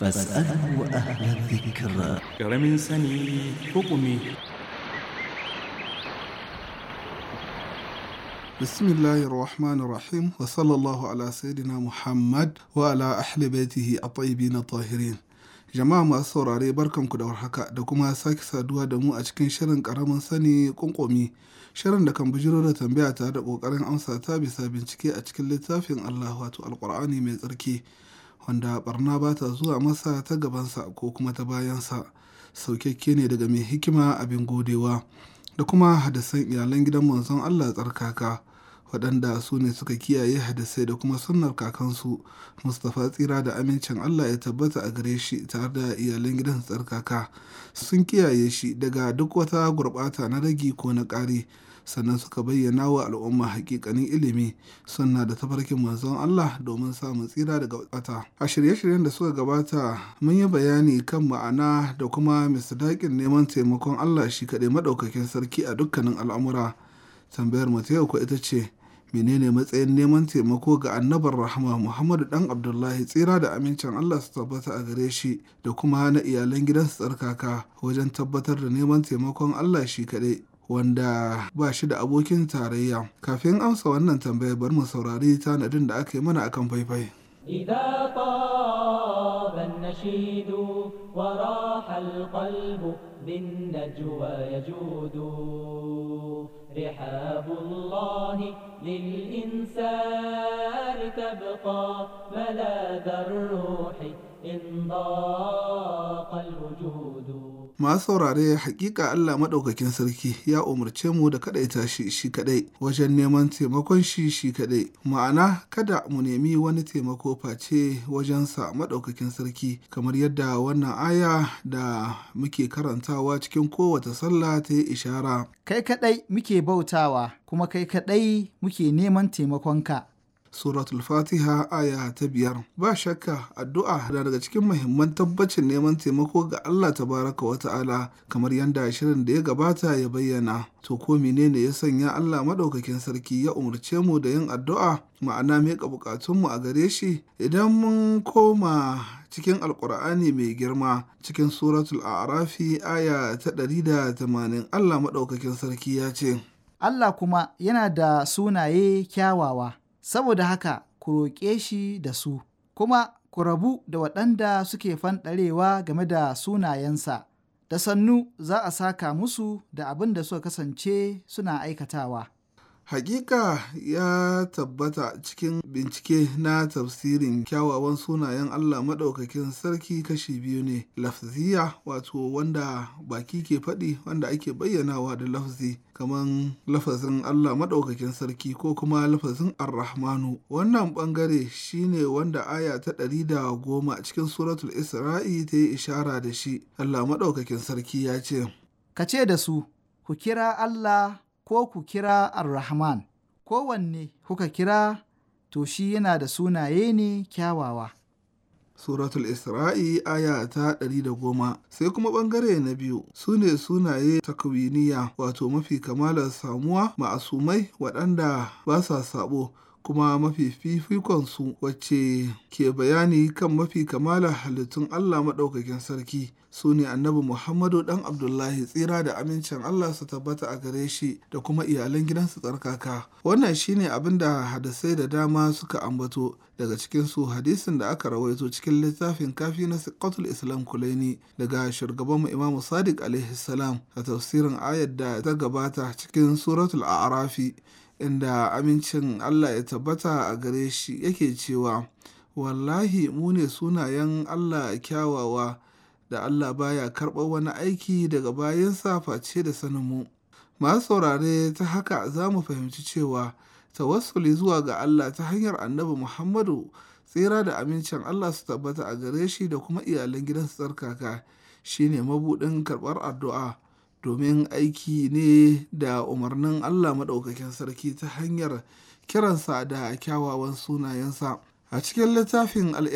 فاساله اهل الذكر كرم سني حكمي بسم الله الرحمن الرحيم وصلى الله على سيدنا محمد وعلى أهل بيته الطيبين الطاهرين جماعة ما أصور عليه بركم كده ورحكا دكما ساكي سادوا دمو أشكين شرن كرم سني كنقومي شرن دكم بجرورة تنبيع تارق وقرن عنصة تابسة بنشكي أشكين لتافين الله واتو القرآن ميزركي wanda barna ba ta zuwa masa ta gabansa ko kuma ta bayansa saukakke ne daga mai hikima abin godewa da kuma hadasan iyalan gidan manzon Allah tsarkaka waɗanda su ne suka kiyaye hadisai da kuma sunnar kakansu mustapha tsira da amincin allah ya tabbata a gare shi tare da iyalan gidan tsarkaka sun kiyaye shi daga duk wata gurɓata na ragi ko na ƙari sannan suka bayyana wa al'umma hakikanin ilimi sunna da tafarkin manzon Allah domin samun tsira daga bata. A shirye-shiryen da suka gabata mun yi bayani kan ma'ana da kuma misdaƙin neman taimakon Allah shi kaɗai maɗaukakin sarki a dukkanin al'amura. tambayar mu ko ita ce menene matsayin neman taimako ga annabar rahama muhammadu dan abdullahi tsira da amincin allah su tabbata a gare shi da kuma na iyalan su tsarkaka wajen tabbatar da neman taimakon allah shi kaɗai wanda ba shi da abokin tarayya kafin amsa wannan tambayar bar mu saurari tanadin da aka yi mana akan faifai يشيد وراح القلب بالنجوى يجود رحاب الله للإنسان تبقى ملاذ الروح إن ضاق الوجود masu saurare hakika Allah maɗaukakin sarki ya umarce mu da kaɗaita shi shi kaɗai wajen neman taimakon shi shi kaɗai ma'ana kada mu nemi wani taimako face wajen wajensa maɗaukakin sarki kamar yadda wannan aya da muke karantawa cikin kowace sallah ta yi ishara kai kaɗai muke bautawa kuma kai kaɗai muke neman taimakonka suratul fatiha aya ta biyar ba shakka addu'a na daga cikin muhimman tabbacin neman taimako ga Allah tabaraka wa ta'ala kamar yadda shirin da ya gabata ya bayyana to ko menene ya sanya Allah Maɗaukakin sarki ya umarce mu da yin addu'a ma'ana miƙa buƙatunmu a gare shi idan mun koma cikin alkur'ani mai girma cikin suratul a'rafi aya ta ɗari da tamanin Allah maɗaukakin sarki ya ce Allah kuma yana da sunaye kyawawa saboda haka ku roƙe shi da su, kuma ku rabu da waɗanda suke fanɗarewa game da sunayensa, da sannu za a saka musu da abin da suka kasance suna aikatawa. Hakika ya tabbata cikin bincike na tafsirin kyawawan sunayen Allah maɗaukakin sarki kashi biyu ne, lafziya wato wanda baki ke faɗi wanda ake bayyanawa da lafzi kamar lafazin Allah maɗaukakin sarki ko kuma lafazin arrahmanu Wannan ɓangare shine wanda aya ta ɗari da goma cikin suratul Isra'i ta yi ishara da shi, Allah maɗaukakin sarki ya ce, Ka ce da su, ku kira Allah ko ku kira Ar-Rahman, kowanne kuka kira to shi yana da sunaye ne kyawawa. Suratul Isra'i aya ta ɗari da goma sai kuma ɓangare na biyu su ne sunaye takwiniya wato mafi kamalar samuwa ma'asumai waɗanda ba sa sabo kuma mafi fifikonsu wacce ke bayani kan mafi kamala halittun Allah maɗaukakin sarki su ne annabi Muhammadu ɗan Abdullahi tsira da amincin Allah su tabbata a gare shi da kuma iyalan gidansu tsarkaka. Wannan shine abin da hadisai da dama suka ambato daga cikinsu hadisin da aka rawaito cikin littafin kafi na Siqatul Islam Kulaini daga shugaban Imam Sadiq alaihi salam a tafsirin ayar da ta gabata cikin Suratul A'rafi. inda amincin Allah ya tabbata a gare shi yake cewa, Wallahi mu ne sunayen Allah kyawawa da Allah baya karɓar wani aiki daga bayansa face da saninmu. Masu saurare ta haka za mu fahimci cewa tawassuli zuwa ga Allah ta hanyar annabi Muhammadu tsira da amincin Allah su tabbata a gare shi da kuma iyalan gidansu tsarkaka shine mabudin karɓar addu'a. domin aiki ne da umarnin Allah maɗaukakin sarki ta hanyar kiransa da kyawawan sunayensa. A cikin littafin al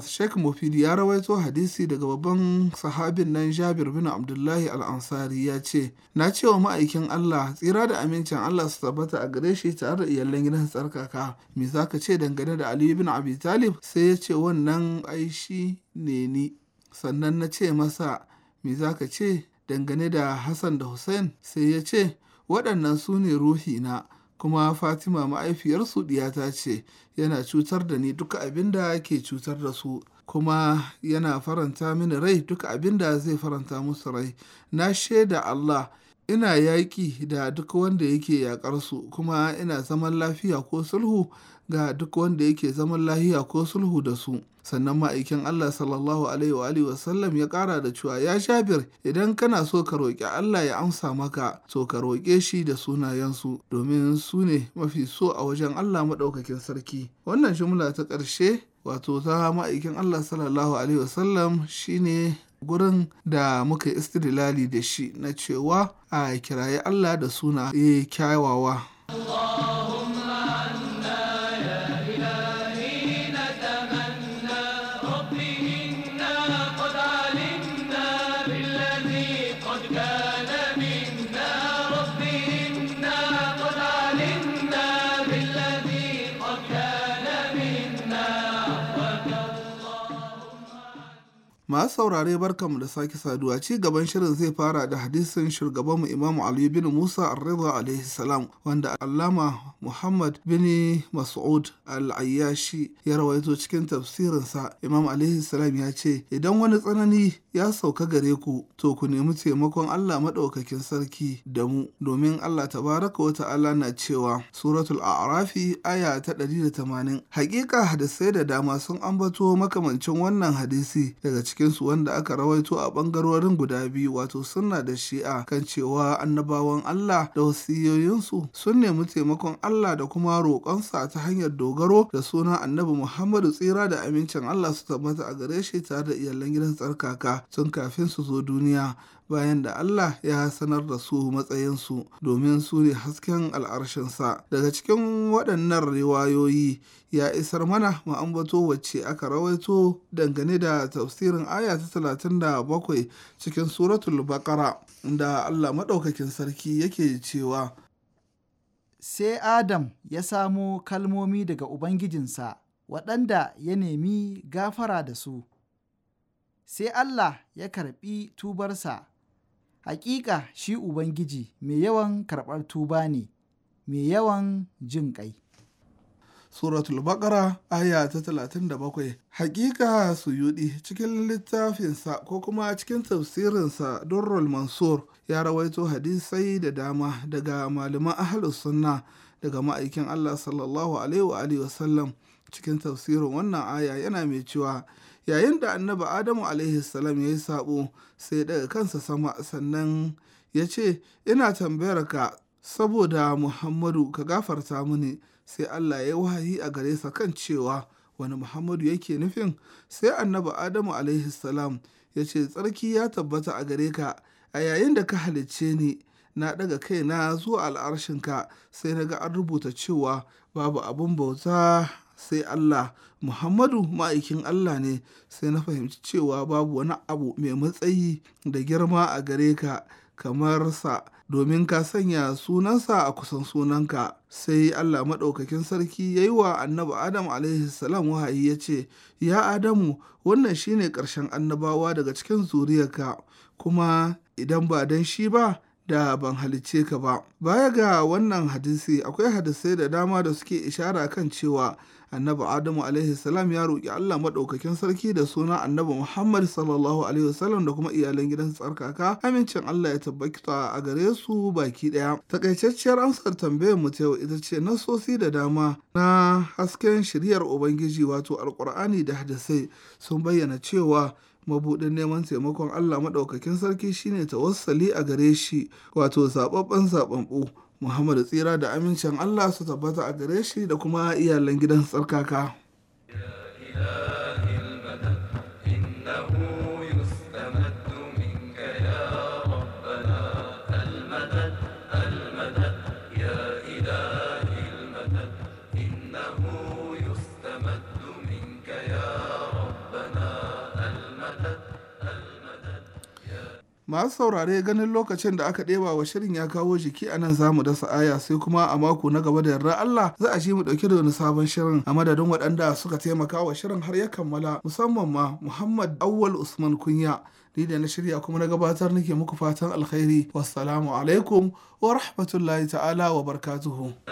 Sheikh Mufid ya rawaito hadisi daga babban sahabin nan Jabir bin Abdullahi Al-Ansari ya ce, Na ce wa ma'aikin Allah, tsira da amincin Allah su tabbata a gare shi tare da iyalan gidan tsarkaka, me za ka ce dangane da Ali bin Abi Talib? Sai ya ce wannan aishi ne ni. Sannan na ce masa, me za ka ce dangane da Hassan da Hussein sai ya ce, waɗannan su ne ruhina kuma Fatima ɗiya ɗiyata ce yana cutar da ni duka abin da ke cutar da su kuma yana faranta mini rai duka abin da zai faranta musu rai na shaida Allah Ina yaƙi da duk wanda yake yaƙarsu, kuma ina zaman lafiya ko sulhu ga duk wanda yake zaman lafiya ko sulhu da su. Sannan ma'aikin Allah sallallahu Alaihi wasallam ya ƙara da cewa ya shabir? idan kana so ka roƙi Allah ya amsa maka to ka roƙe shi da sunayensu domin su ne mafi so a wajen Allah maɗaukakin sarki. Wannan jumla ta ƙarshe wato ta ma'aikin Allah sallallahu Alaihi wasallam shine gurin da muka istidilali da shi na cewa a kirayi Allah da suna eh, kyawawa. Masu saurare mu da sake saduwa ci gaban shirin zai fara da hadisin shugabanmu Imamu Ali bin Musa Arriba salam wanda Allama Muhammad bin Mas'ud Al'ayyashi ya rawaito cikin tafsirinsa Imam alaihi salam ya ce idan wani tsanani ya sauka gare ku to ku nemi taimakon Allah maɗaukakin sarki da mu domin Allah tabaraka wa ta'ala na cewa suratul a'rafi aya ta ɗari 180 hakika sai da dama sun ambato makamancin wannan hadisi daga cikinsu wanda aka rawaito a ɓangarorin guda biyu wato sunna da shi'a kan cewa annabawan Allah da wasiyoyinsu sun nemi taimakon Allah da kuma roƙonsa ta hanyar dogaro da sunan annabi Muhammadu tsira da amincin Allah su tabbata a gare shi tare da iyalan gidan tsarkaka tun kafin su zo duniya bayan da Allah ya sanar da su matsayinsu domin su ne hasken al'arshinsa. Daga cikin waɗannan riwayoyi ya isar mana ma'ambato wacce aka rawaito dangane da tafsirin aya ta talatin da bakwai cikin suratul bakara da Allah maɗaukakin sarki yake cewa. Sai Adam ya samo kalmomi daga Ubangijinsa waɗanda ya nemi gafara da su. sai Allah ya karɓi tubarsa Hakika shi Ubangiji mai yawan karɓar tuba ne, mai yawan jin ƙai. Suratul Baƙara aya ta talatin da 37 Hakika yudi cikin littafinsa ko kuma cikin tafsirinsa Durrul Mansur ya rawaito hadisai da dama daga malaman ahlus sunna daga ma'aikin Allah sallallahu alaihi wa sallam cikin tafsirin wannan aya yana mai cewa yayin da annabi adamu alaihissalam ya yi sabo sai daga kansa sama sannan ya ce ina tambayar ka saboda muhammadu ka gafarta mini sai allah ya wahayi a gare sa kan cewa wani muhammadu yake nufin sai annabi adamu alaihissalam ya ce tsarki ya tabbata a gare ka a yayin da ka halicce ni na daga kaina zuwa al'arshinka sai na ga an rubuta cewa babu abin bauta sai Allah Muhammadu ma'aikin Allah ne sai na fahimci cewa babu wani abu mai matsayi da girma a gare ka kamar sa domin ka sanya sunansa a kusan sunanka sai Allah maɗaukakin sarki ya yi wa annabi Adam salam wahayi ya ce ya Adamu wannan shine ƙarshen annabawa daga cikin zuriyarka kuma idan ba don shi ba da ban halicce ka ba baya ga wannan hadisi akwai hadisai da dama da suke ishara kan cewa annabi adamu alaihi salam ya roƙi allah maɗaukakin sarki da suna annabi muhammad sallallahu alaihi wasallam da kuma iyalan gidan tsarkaka amincin allah ya tabbata a gare su baki ɗaya takaitacciyar amsar tambayar mu ta yau ita ce nasosi da dama na hasken shiryar ubangiji wato alƙur'ani da hadisai sun bayyana cewa mabuɗin neman taimakon Allah maɗaukakin sarki shine tawassali a gare shi wato zaɓaɓɓen zaɓaɓɓu Muhammadu tsira da amincin Allah su tabbata a gare shi da kuma iyalan gidan tsarkaka. masu saurare ganin lokacin da aka ɗeba wa shirin ya kawo jiki a nan za mu dasa aya sai kuma a mako na gaba da yarda Allah za a ji mu ɗauki da wani sabon shirin a madadin waɗanda suka taimaka wa shirin har ya kammala musamman ma Muhammad Awwal Usman Kunya ni da na shirya kuma na gabatar nake muku fatan alkhairi wassalamu alaikum wa rahmatullahi ta'ala wa barkatuhu.